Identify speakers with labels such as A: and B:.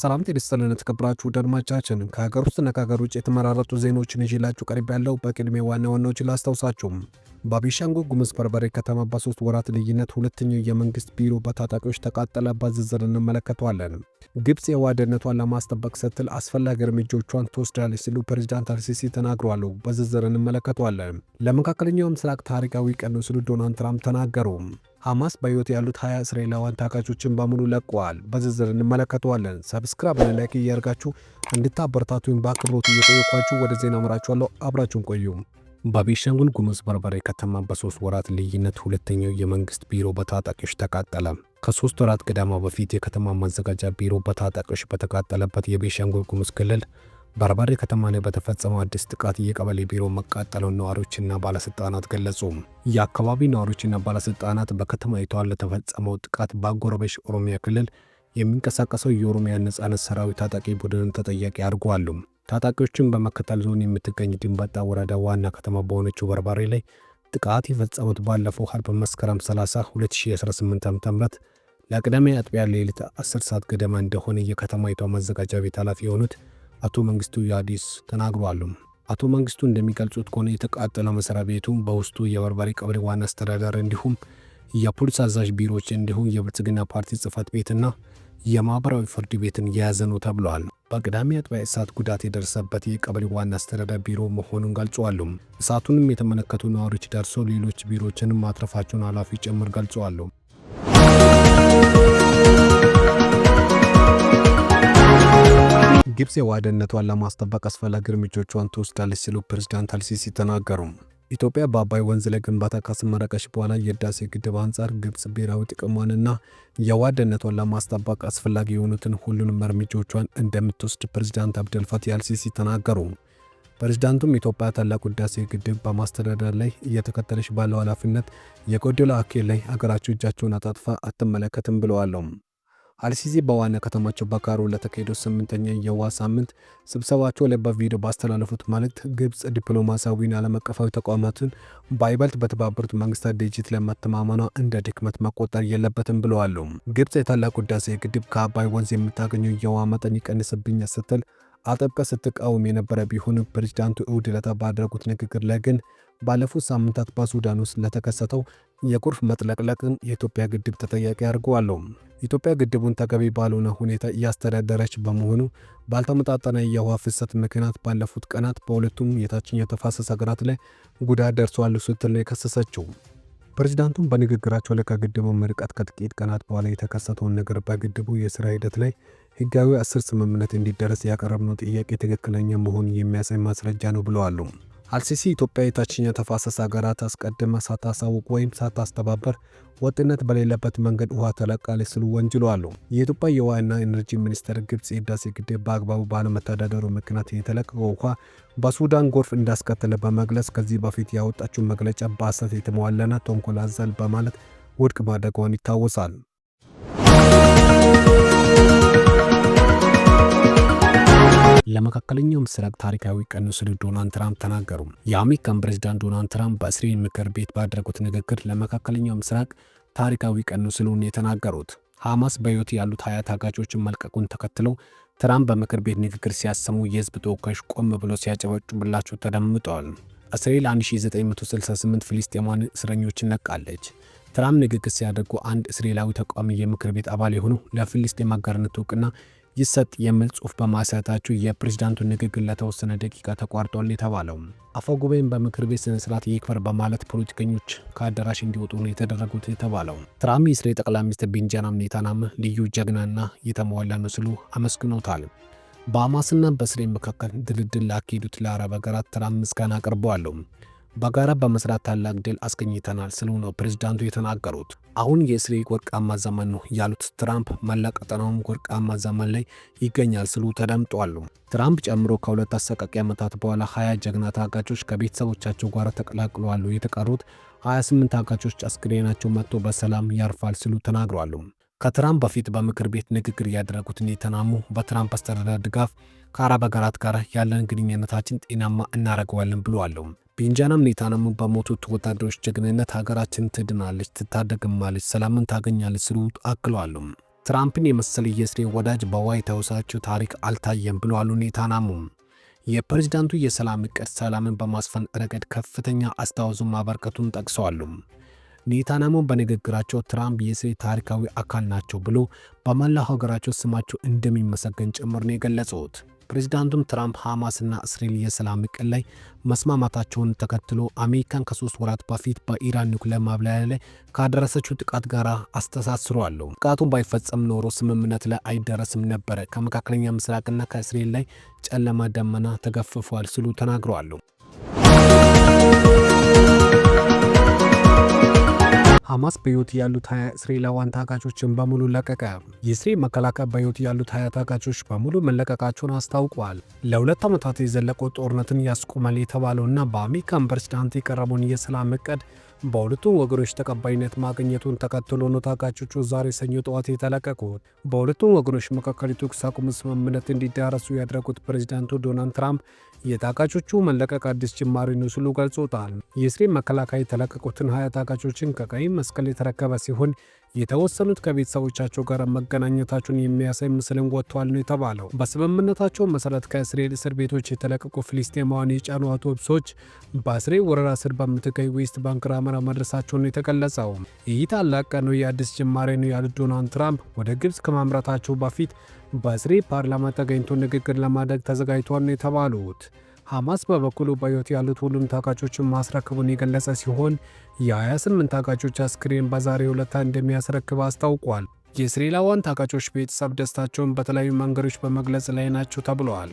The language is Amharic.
A: ሰላም ጤና ይስጥልን የተከበራችሁ አድማጮቻችን፣ ከሀገር ውስጥና ከሀገር ውጭ የተመራረጡ ዜናዎችን ይዤላችሁ ቀርብ ያለው። በቅድሜ ዋና ዋናዎችን ላስታውሳችሁ። በቤኒሻንጉል ጉሙዝ በርበሬ ከተማ በሶስት ወራት ልዩነት ሁለተኛው የመንግስት ቢሮ በታጣቂዎች ተቃጠለ። በዝርዝር እንመለከተዋለን። ግብፅ የውሃ ደህንነቷን ለማስጠበቅ ስትል አስፈላጊ እርምጃዎቿን ትወስዳለች ሲሉ ፕሬዚዳንት አልሲሲ ተናግረዋል። በዝርዝር እንመለከተዋለን። ለመካከለኛው ምስራቅ ታሪካዊ ቀን ነው ሲሉ ዶናልድ ትራምፕ ተናገሩ። ሐማስ በሕይወት ያሉት 20 እስራኤላውያን ታጋቾችን በሙሉ ለቀዋል። በዝርዝር እንመለከተዋለን። ሰብስክራይብ፣ ላይክ እያደርጋችሁ እንድታበረታቱኝ በአክብሮት እየጠየኳችሁ ወደ ዜና አምራችኋለሁ። አብራችሁን ቆዩ። በቤንሻንጉል ጉሙዝ በርበሬ ከተማ በሶስት ወራት ልዩነት ሁለተኛው የመንግስት ቢሮ በታጣቂዎች ተቃጠለ። ከሶስት ወራት ገደማ በፊት የከተማ ማዘጋጃ ቢሮ በታጣቂዎች በተቃጠለበት የቤንሻንጉል ጉሙዝ ክልል በአርባሬ ከተማ ላይ በተፈጸመው አዲስ ጥቃት የቀበሌ ቢሮ መቃጠሉን ነዋሪዎችና ባለስልጣናት ገለጹ። የአካባቢ ነዋሪዎችና ባለስልጣናት በከተማይቷ ለተፈጸመው ጥቃት በአጎረበሽ ኦሮሚያ ክልል የሚንቀሳቀሰው የኦሮሚያ ነጻነት ሰራዊት ታጣቂ ቡድንን ተጠያቂ አድርገዋል። ታጣቂዎቹን በመከተል ዞን የምትገኝ ድንበጣ ወረዳ ዋና ከተማ በሆነችው በርባሬ ላይ ጥቃት የፈጸሙት ባለፈው ሀርብ መስከረም 30 2018 ም ለቅዳሜ አጥቢያ ሌሊት 10 ሰዓት ገደማ እንደሆነ የከተማይቷ መዘጋጃ ቤት ኃላፊ የሆኑት አቶ መንግስቱ ያዲስ ተናግሯሉ። አቶ መንግስቱ እንደሚገልጹት ከሆነ የተቃጠለው መስሪያ ቤቱ በውስጡ የበርበሬ ቀበሌ ዋና አስተዳደር እንዲሁም የፖሊስ አዛዥ ቢሮዎች እንዲሁም የብልጽግና ፓርቲ ጽህፈት ቤትና የማህበራዊ ፍርድ ቤትን የያዘ ነው ተብለዋል። በቅዳሜ አጥቢያ እሳት ጉዳት የደረሰበት የቀበሌ ዋና አስተዳደር ቢሮ መሆኑን ገልጸዋሉ። እሳቱንም የተመለከቱ ነዋሪዎች ደርሰው ሌሎች ቢሮዎችንም ማትረፋቸውን ኃላፊ ጭምር ገልጸዋሉ። ግብፅ የዋህደነቷን ለማስጠበቅ አስፈላጊ እርምጃዎቿን ትወስዳለች ሲሉ ፕሬዚዳንት አልሲሲ ተናገሩ። ኢትዮጵያ በአባይ ወንዝ ላይ ግንባታ ካስመረቀች በኋላ የህዳሴ ግድብ አንጻር ግብፅ ብሔራዊ ጥቅሟንና የዋህደነቷን ለማስጠበቅ አስፈላጊ የሆኑትን ሁሉንም እርምጃዎቿን እንደምትወስድ ፕሬዚዳንት አብደልፋቲ አልሲሲ ተናገሩ። ፕሬዚዳንቱም ኢትዮጵያ ታላቁ ህዳሴ ግድብ በማስተዳደር ላይ እየተከተለች ባለው ኃላፊነት የጎደለው አካሄድ ላይ አገራቸው እጃቸውን አጣጥፋ አትመለከትም ብለዋል። አልሲዚ በዋና ከተማቸው በካይሮ ለተካሄደው ስምንተኛ የዋ ሳምንት ስብሰባቸው ላይ በቪዲዮ ባስተላለፉት መልእክት ግብፅ ዲፕሎማሲያዊና ዓለም አቀፋዊ ተቋማትን በይበልጥ በተባበሩት መንግስታት ድርጅት ላይ መተማመኗ እንደ ድክመት መቆጠር የለበትም ብለዋል። ግብፅ የታላቁ ህዳሴ ግድብ ከአባይ ወንዝ የምታገኘው የውሃ መጠን ይቀንስብኛል ስትል አጥብቀ ስትቃወም የነበረ ቢሆን ፕሬዚዳንቱ እሁድ ዕለት ባደረጉት ንግግር ላይ ግን ባለፉት ሳምንታት በሱዳን ውስጥ ለተከሰተው የጎርፍ መጥለቅለቅን የኢትዮጵያ ግድብ ተጠያቂ አድርገዋለሁ። ኢትዮጵያ ግድቡን ተገቢ ባልሆነ ሁኔታ እያስተዳደረች በመሆኑ ባልተመጣጠነ የውሃ ፍሰት ምክንያት ባለፉት ቀናት በሁለቱም የታችኛ ተፋሰስ ሀገራት ላይ ጉዳት ደርሷል ስትል ነው የከሰሰችው። ፕሬዚዳንቱም በንግግራቸው ላይ ከግድቡ ምርቀት ከጥቂት ቀናት በኋላ የተከሰተውን ነገር በግድቡ የስራ ሂደት ላይ ህጋዊ አስር ስምምነት እንዲደረስ ያቀረብነው ጥያቄ ትክክለኛ መሆኑን የሚያሳይ ማስረጃ ነው ብለዋሉ። አልሲሲ ኢትዮጵያ የታችኛ ተፋሰስ ሀገራት አስቀድመ ሳታሳውቅ ወይም ሳታስተባበር ወጥነት በሌለበት መንገድ ውሃ ተለቃለች ሲሉ ወንጅለዋል። የኢትዮጵያ የውሃና ኢነርጂ ሚኒስቴር ግብፅ የህዳሴ ግድብ በአግባቡ ባለመተዳደሩ ምክንያት የተለቀቀው ውሃ በሱዳን ጎርፍ እንዳስከተለ በመግለጽ ከዚህ በፊት ያወጣችው መግለጫ በሐሰት የተሟላና ተንኮል አዘል በማለት ውድቅ ማድረጓን ይታወሳል። ለመካከለኛው ምስራቅ ታሪካዊ ቀን ሲሉ ዶናልድ ትራምፕ ተናገሩ። የአሜሪካን ፕሬዚዳንት ዶናልድ ትራምፕ በእስራኤል ምክር ቤት ባደረጉት ንግግር ለመካከለኛው ምስራቅ ታሪካዊ ቀን ሲሉ የተናገሩት ሐማስ በሕይወት ያሉት ሀያ ታጋቾችን መልቀቁን ተከትለው ትራምፕ በምክር ቤት ንግግር ሲያሰሙ የህዝብ ተወካዮች ቆም ብሎ ሲያጨበጭቡላቸው ተደምጠዋል። እስራኤል 1968 ፊልስጤማን እስረኞችን ነቃለች። ትራምፕ ንግግር ሲያደርጉ አንድ እስራኤላዊ ተቃዋሚ የምክር ቤት አባል የሆነው ለፊልስጤም አጋርነት እውቅና ይሰጥ የሚል ጽሑፍ በማሳየታቸው የፕሬዝዳንቱ ንግግር ለተወሰነ ደቂቃ ተቋርጧል የተባለው አፈጉባኤን በምክር ቤት ስነስርዓት ይክበር በማለት ፖለቲከኞች ከአዳራሽ እንዲወጡ ነው የተደረጉት የተባለው ትራም የእስራኤል ጠቅላይ ሚኒስትር ቤንጃሚን ኔታናም ልዩ ጀግናና የተሟላ ነው ሲሉ አመስግኖታል። በሐማስና በእስራኤል መካከል ድልድል ላካሄዱት ለአረብ ሀገራት ትራም ምስጋና አቅርበዋለሁ። በጋራ በመስራት ታላቅ ድል አስገኝተናል ስሉ ነው ፕሬዝዳንቱ የተናገሩት። አሁን የእስራኤል ወርቃማ ዘመን ነው ያሉት ትራምፕ መላ ቀጠናውም ወርቃማ ዘመን ላይ ይገኛል ስሉ ተደምጧሉ። ትራምፕ ጨምሮ ከሁለት አሰቃቂ ዓመታት በኋላ 20 ጀግና ታጋቾች ከቤተሰቦቻቸው ጋር ተቀላቅለዋሉ። የተቀሩት 28 ታጋቾች አስክሬናቸው መጥቶ በሰላም ያርፋል ስሉ ተናግሯሉ። ከትራምፕ በፊት በምክር ቤት ንግግር ያደረጉት ኔታንያሁ በትራምፕ አስተዳደር ድጋፍ ከአረብ ሀገራት ጋር ያለን ግንኙነታችን ጤናማ እናደርገዋለን ብለዋል። በእንጀራም ኔታንም በሞቱት ወታደሮች ጀግንነት ሀገራችን ትድናለች፣ ትታደግማለች፣ ሰላምን ታገኛለች ሲሉ አክለዋል። ትራምፕን የመሰለ የእስራኤል ወዳጅ በዋይት ሀውሳቸው ታሪክ አልታየም ብለዋል ኔታንያሁ። የፕሬዝዳንቱ የሰላም እቅድ ሰላምን በማስፈን ረገድ ከፍተኛ አስተዋጽኦ ማበርከቱን ጠቅሰዋል። ኔታንያሁ በንግግራቸው ትራምፕ የእስራኤል ታሪካዊ አካል ናቸው ብሎ በመላ ሀገራቸው ስማቸው እንደሚመሰገን ጭምር ነው የገለጹት። ፕሬዚዳንቱም ትራምፕ ሐማስና እስራኤል የሰላም እቅድ ላይ መስማማታቸውን ተከትሎ አሜሪካን ከሶስት ወራት በፊት በኢራን ኒውክሌር ማብላያ ላይ ካደረሰችው ጥቃት ጋር አስተሳስረዋለሁ። ጥቃቱን ባይፈጸም ኖሮ ስምምነት ላይ አይደረስም ነበረ። ከመካከለኛ ምስራቅና ከእስራኤል ላይ ጨለማ ደመና ተገፍፏል ሲሉ ተናግረዋለሁ። ሐማስ በሕይወት ያሉት 20 እስራኤላውያን ታጋቾችን በሙሉ ለቀቀ። የእስራኤል መከላከያ በሕይወት ያሉት 20 ታጋቾች በሙሉ መለቀቃቸውን አስታውቋል። ለሁለት ዓመታት የዘለቀው ጦርነትን ያስቆማል የተባለውና በአሜሪካን ፕሬዝዳንት የቀረበውን የሰላም እቅድ በሁለቱም ወገኖች ተቀባይነት ማግኘቱን ተከትሎ ነው ታጋቾቹ ዛሬ ሰኞ ጠዋት የተለቀቁት። በሁለቱም ወገኖች መካከል የተኩስ አቁም ስምምነት እንዲዳረሱ ያደረጉት ፕሬዝዳንቱ ዶናልድ ትራምፕ የታጋቾቹ መለቀቅ አዲስ ጅማሪ ነው ሲሉ ገልጾታል። የእስራኤል መከላከያ የተለቀቁትን ሀያ ታጋቾችን ከቀይ መስቀል የተረከበ ሲሆን የተወሰኑት ከቤተሰቦቻቸው ጋር መገናኘታቸውን የሚያሳይ ምስልን ወጥቷል ነው የተባለው። በስምምነታቸው መሰረት ከእስራኤል እስር ቤቶች የተለቀቁ ፍልስጤማውያን የጫኑ አውቶቡሶች በእስራኤል ወረራ ስር በምትገኝ ዌስት ባንክ ራመራ መድረሳቸውን ነው የተገለጸው። ይህ ታላቅ ነው፣ የአዲስ ጅማሬ ነው ያሉት ዶናልድ ትራምፕ ወደ ግብፅ ከማምራታቸው በፊት በስሪ ፓርላማ ተገኝቶ ንግግር ለማድረግ ተዘጋጅቷል ነው የተባሉት። ሐማስ በበኩሉ በሕይወት ያሉት ሁሉም ታጋቾችን ማስረክቡን የገለጸ ሲሆን የ28 ታጋቾች አስክሬን በዛሬው ዕለት እንደሚያስረክብ አስታውቋል። የስሪላዋን ታጋቾች ቤተሰብ ደስታቸውን በተለያዩ መንገዶች በመግለጽ ላይ ናቸው ተብለዋል።